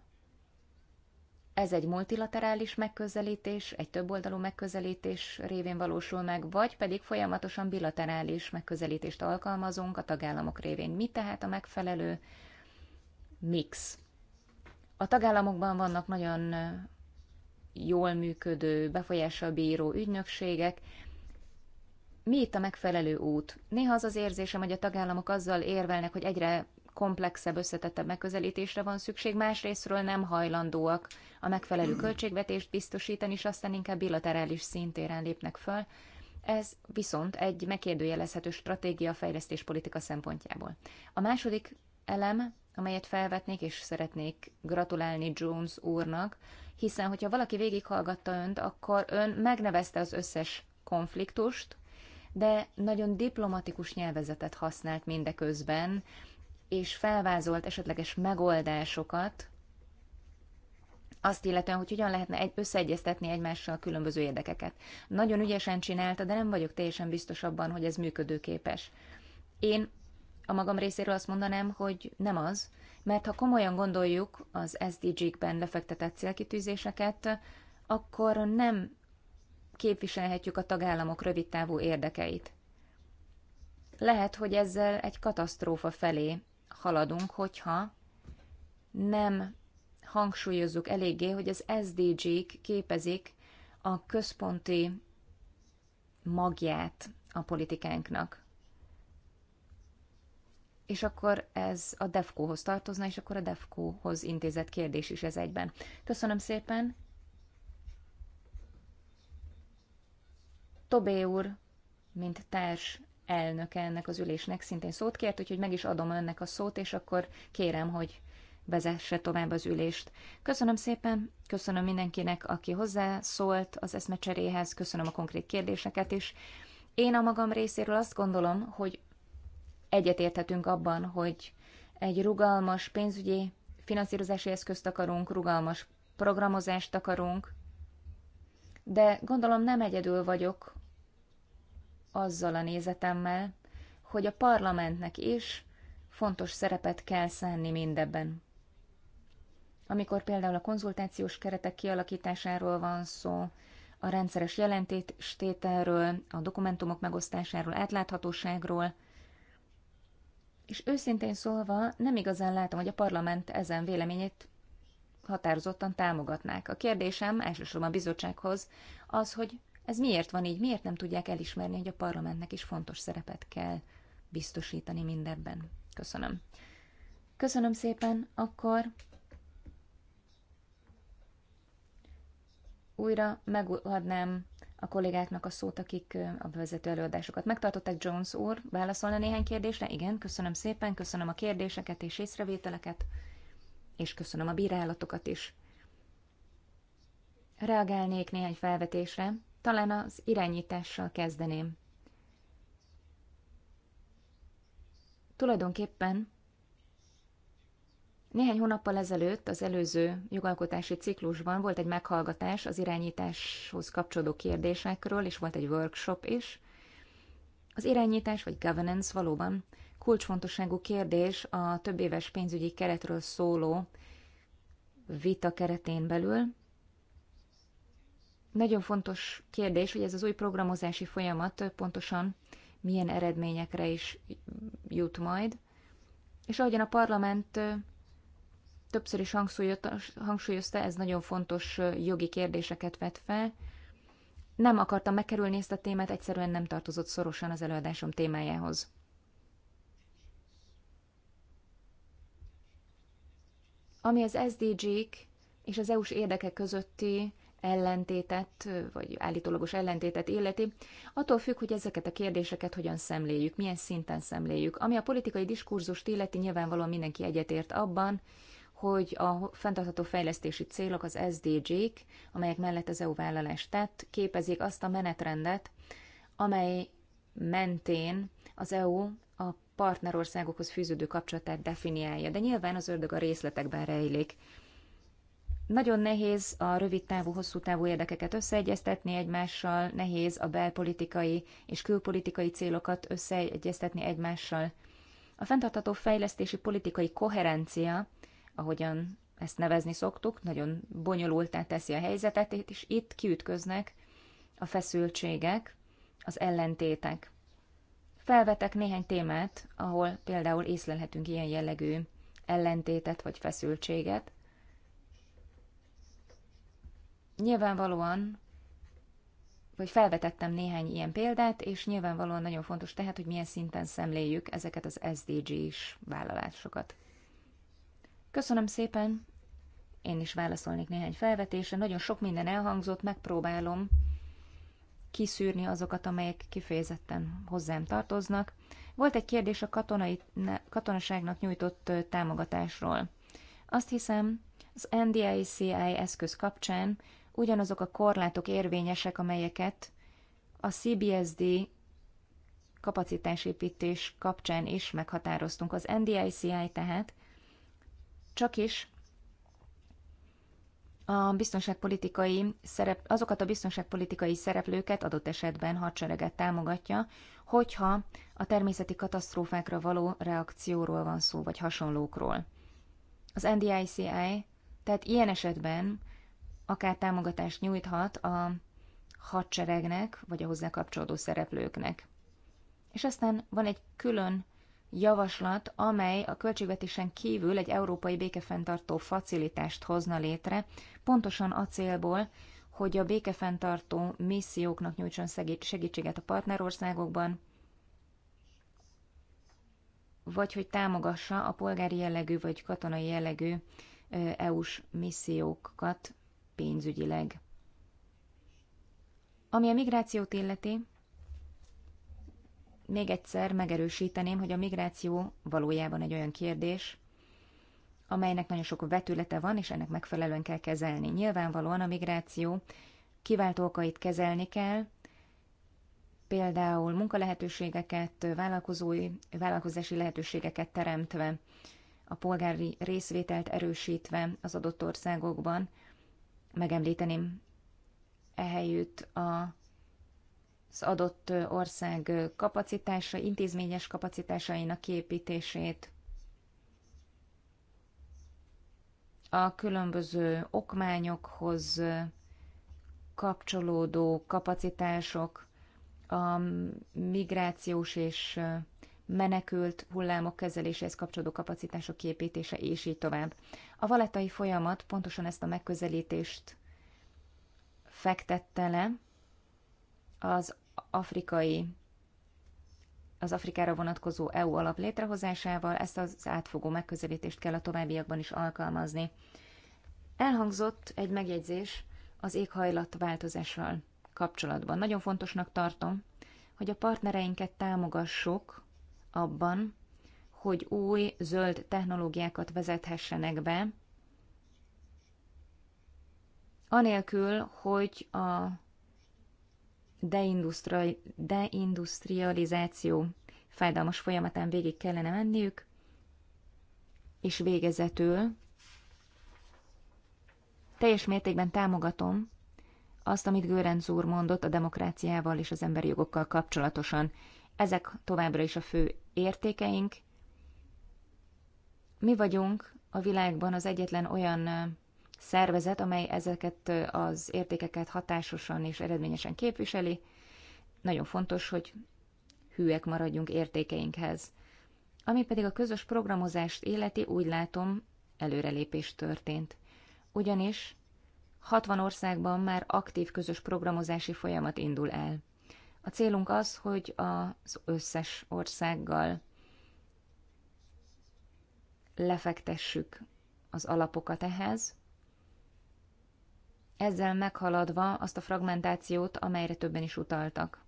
Speaker 3: ez egy multilaterális megközelítés, egy többoldalú megközelítés révén valósul meg, vagy pedig folyamatosan bilaterális megközelítést alkalmazunk a tagállamok révén. Mi tehát a megfelelő mix? A tagállamokban vannak nagyon jól működő, befolyással bíró ügynökségek. Mi itt a megfelelő út? Néha az az érzésem, hogy a tagállamok azzal érvelnek, hogy egyre komplexebb, összetettebb megközelítésre van szükség, másrésztről nem hajlandóak a megfelelő mm-hmm. költségvetést biztosítani, és aztán inkább bilaterális szintéren lépnek föl. Ez viszont egy megkérdőjelezhető stratégia a politika szempontjából. A második elem, amelyet felvetnék, és szeretnék gratulálni Jones úrnak, hiszen hogyha valaki végighallgatta önt, akkor ön megnevezte az összes konfliktust, de nagyon diplomatikus nyelvezetet használt mindeközben, és felvázolt esetleges megoldásokat, azt illetően, hogy hogyan lehetne egy, összeegyeztetni egymással a különböző érdekeket. Nagyon ügyesen csinálta, de nem vagyok teljesen biztos abban, hogy ez működőképes. Én a magam részéről azt mondanám, hogy nem az, mert ha komolyan gondoljuk az SDG-kben lefektetett célkitűzéseket, akkor nem képviselhetjük a tagállamok rövidtávú érdekeit. Lehet, hogy ezzel egy katasztrófa felé haladunk, hogyha nem hangsúlyozzuk eléggé, hogy az SDG-k képezik a központi magját a politikánknak. És akkor ez a DEFCO-hoz tartozna, és akkor a DEFCO-hoz intézett kérdés is ez egyben. Köszönöm szépen! Tobé úr, mint társ elnöke ennek az ülésnek szintén szót kért, úgyhogy meg is adom önnek a szót, és akkor kérem, hogy vezesse tovább az ülést. Köszönöm szépen, köszönöm mindenkinek, aki hozzászólt az eszmecseréhez, köszönöm a konkrét kérdéseket is. Én a magam részéről azt gondolom, hogy egyetérthetünk abban, hogy egy rugalmas pénzügyi finanszírozási eszközt akarunk, rugalmas programozást akarunk, de gondolom nem egyedül vagyok azzal a nézetemmel, hogy a parlamentnek is fontos szerepet kell szánni mindebben. Amikor például a konzultációs keretek kialakításáról van szó, a rendszeres jelentéstételről, a dokumentumok megosztásáról, átláthatóságról, és őszintén szólva nem igazán látom, hogy a parlament ezen véleményét határozottan támogatnák. A kérdésem elsősorban a bizottsághoz az, hogy ez miért van így? Miért nem tudják elismerni, hogy a parlamentnek is fontos szerepet kell biztosítani mindebben? Köszönöm. Köszönöm szépen, akkor újra megadnám a kollégáknak a szót, akik a bevezető előadásokat megtartották. Jones úr, válaszolna néhány kérdésre? Igen, köszönöm szépen, köszönöm a kérdéseket és észrevételeket, és köszönöm a bírálatokat is. Reagálnék néhány felvetésre, talán az irányítással kezdeném. Tulajdonképpen néhány hónappal ezelőtt az előző jogalkotási ciklusban volt egy meghallgatás az irányításhoz kapcsolódó kérdésekről, és volt egy workshop is. Az irányítás vagy governance valóban kulcsfontosságú kérdés a több éves pénzügyi keretről szóló vita keretén belül, nagyon fontos kérdés, hogy ez az új programozási folyamat pontosan milyen eredményekre is jut majd. És ahogyan a parlament többször is hangsúlyozta, ez nagyon fontos jogi kérdéseket vet fel. Nem akartam megkerülni ezt a témát, egyszerűen nem tartozott szorosan az előadásom témájához. Ami az SDG-k és az EU-s érdekek közötti ellentétet, vagy állítólagos ellentétet illeti, attól függ, hogy ezeket a kérdéseket hogyan szemléljük, milyen szinten szemléljük. Ami a politikai diskurzust illeti, nyilvánvalóan mindenki egyetért abban, hogy a fenntartható fejlesztési célok, az SDG-k, amelyek mellett az EU vállalást tett, képezik azt a menetrendet, amely mentén az EU a partnerországokhoz fűződő kapcsolatát definiálja, de nyilván az ördög a részletekben rejlik. Nagyon nehéz a rövid távú, hosszú távú érdekeket összeegyeztetni egymással, nehéz a belpolitikai és külpolitikai célokat összeegyeztetni egymással. A fenntartható fejlesztési politikai koherencia, ahogyan ezt nevezni szoktuk, nagyon bonyolultá teszi a helyzetet, és itt kiütköznek a feszültségek, az ellentétek. Felvetek néhány témát, ahol például észlelhetünk ilyen jellegű ellentétet vagy feszültséget, Nyilvánvalóan, vagy felvetettem néhány ilyen példát, és nyilvánvalóan nagyon fontos tehát, hogy milyen szinten szemléljük ezeket az SDG-s vállalásokat. Köszönöm szépen! Én is válaszolnék néhány felvetésre. Nagyon sok minden elhangzott, megpróbálom kiszűrni azokat, amelyek kifejezetten hozzám tartoznak. Volt egy kérdés a katonai, katonaságnak nyújtott támogatásról. Azt hiszem, az NDICI eszköz kapcsán ugyanazok a korlátok érvényesek, amelyeket a CBSD kapacitásépítés kapcsán is meghatároztunk. Az NDICI tehát csak is a biztonságpolitikai szerep, azokat a biztonságpolitikai szereplőket adott esetben hadsereget támogatja, hogyha a természeti katasztrófákra való reakcióról van szó, vagy hasonlókról. Az NDICI tehát ilyen esetben akár támogatást nyújthat a hadseregnek, vagy a hozzá kapcsolódó szereplőknek. És aztán van egy külön javaslat, amely a költségvetésen kívül egy európai békefenntartó facilitást hozna létre, pontosan a célból, hogy a békefenntartó misszióknak nyújtson segítséget a partnerországokban, vagy hogy támogassa a polgári jellegű vagy katonai jellegű EU-s missziókat pénzügyileg. Ami a migrációt illeti, még egyszer megerősíteném, hogy a migráció valójában egy olyan kérdés, amelynek nagyon sok vetülete van, és ennek megfelelően kell kezelni. Nyilvánvalóan a migráció kiváltó okait kezelni kell, például munkalehetőségeket, vállalkozói, vállalkozási lehetőségeket teremtve, a polgári részvételt erősítve az adott országokban, megemlíteném ehelyütt a az adott ország kapacitása, intézményes kapacitásainak kiépítését, a különböző okmányokhoz kapcsolódó kapacitások, a migrációs és menekült hullámok kezeléséhez kapcsolódó kapacitások képítése, és így tovább. A valetai folyamat pontosan ezt a megközelítést fektette le az afrikai az Afrikára vonatkozó EU alap létrehozásával ezt az átfogó megközelítést kell a továbbiakban is alkalmazni. Elhangzott egy megjegyzés az éghajlatváltozással kapcsolatban. Nagyon fontosnak tartom, hogy a partnereinket támogassuk abban, hogy új zöld technológiákat vezethessenek be, anélkül, hogy a deindustrializáció fájdalmas folyamatán végig kellene menniük, és végezetül teljes mértékben támogatom azt, amit Görenc úr mondott a demokráciával és az emberi jogokkal kapcsolatosan. Ezek továbbra is a fő értékeink. Mi vagyunk a világban az egyetlen olyan szervezet, amely ezeket az értékeket hatásosan és eredményesen képviseli. Nagyon fontos, hogy hűek maradjunk értékeinkhez. Ami pedig a közös programozást életi, úgy látom, előrelépés történt. Ugyanis 60 országban már aktív közös programozási folyamat indul el. A célunk az, hogy az összes országgal lefektessük az alapokat ehhez, ezzel meghaladva azt a fragmentációt, amelyre többen is utaltak.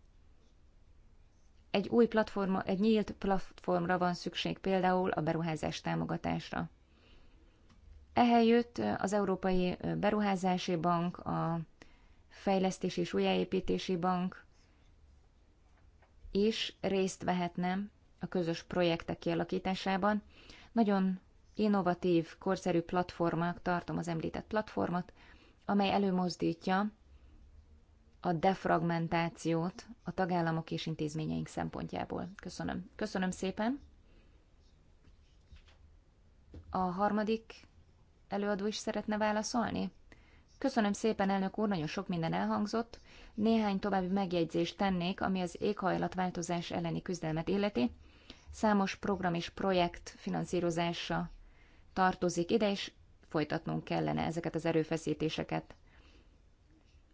Speaker 3: Egy új platforma, egy nyílt platformra van szükség például a beruházás támogatásra. Ehelyütt az Európai Beruházási Bank, a Fejlesztési és Újjáépítési Bank is részt vehetne a közös projektek kialakításában. Nagyon innovatív, korszerű platformak tartom az említett platformot, amely előmozdítja a defragmentációt a tagállamok és intézményeink szempontjából. Köszönöm. Köszönöm szépen. A harmadik előadó is szeretne válaszolni? Köszönöm szépen, elnök úr, nagyon sok minden elhangzott. Néhány további megjegyzést tennék, ami az éghajlatváltozás elleni küzdelmet illeti. Számos program és projekt finanszírozása tartozik ide, és folytatnunk kellene ezeket az erőfeszítéseket.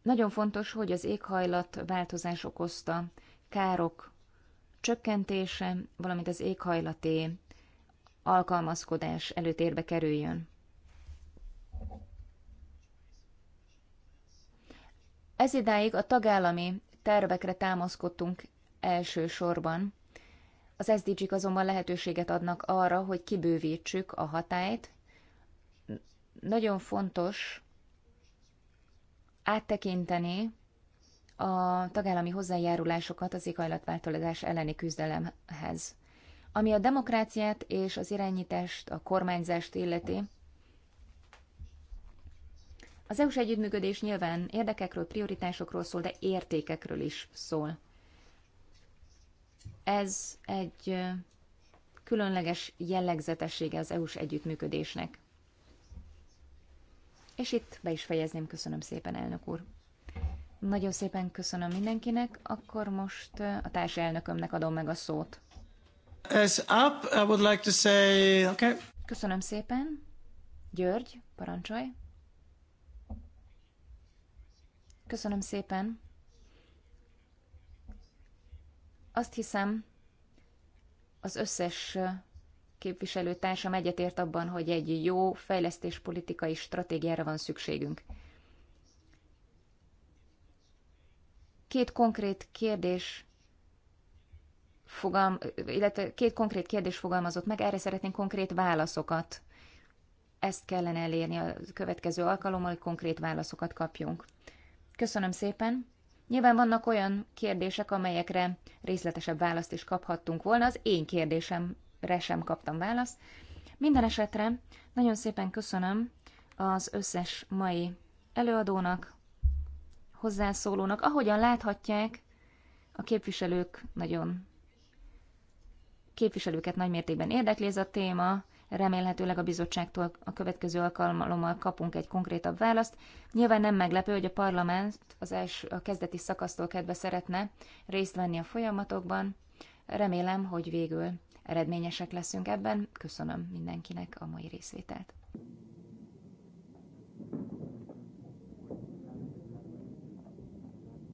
Speaker 3: Nagyon fontos, hogy az éghajlatváltozás okozta károk csökkentése, valamint az éghajlati alkalmazkodás előtérbe kerüljön. Ez idáig a tagállami tervekre támaszkodtunk elsősorban. Az SDG-k azonban lehetőséget adnak arra, hogy kibővítsük a hatályt. Nagyon fontos áttekinteni a tagállami hozzájárulásokat az éghajlatváltozás elleni küzdelemhez. Ami a demokráciát és az irányítást, a kormányzást illeti, az EU-s együttműködés nyilván érdekekről, prioritásokról szól, de értékekről is szól. Ez egy különleges jellegzetessége az EU-s együttműködésnek. És itt be is fejezném, köszönöm szépen, elnök úr. Nagyon szépen köszönöm mindenkinek, akkor most a társelnökömnek adom meg a szót.
Speaker 2: As up, I would like to say,
Speaker 3: okay. Köszönöm szépen. György, parancsolj. Köszönöm szépen. Azt hiszem, az összes képviselőtársam egyetért abban, hogy egy jó fejlesztéspolitikai stratégiára van szükségünk. Két konkrét kérdés fogalm, illetve két konkrét kérdés fogalmazott meg, erre szeretnénk konkrét válaszokat. Ezt kellene elérni a következő alkalommal, hogy konkrét válaszokat kapjunk. Köszönöm szépen. Nyilván vannak olyan kérdések, amelyekre részletesebb választ is kaphattunk volna. Az én kérdésemre sem kaptam választ. Minden esetre nagyon szépen köszönöm az összes mai előadónak, hozzászólónak. Ahogyan láthatják, a képviselők nagyon képviselőket nagymértékben érdekli ez a téma, Remélhetőleg a bizottságtól a következő alkalommal kapunk egy konkrétabb választ. Nyilván nem meglepő, hogy a parlament az első, a kezdeti szakasztól kedve szeretne részt venni a folyamatokban. Remélem, hogy végül eredményesek leszünk ebben. Köszönöm mindenkinek a mai részvételt.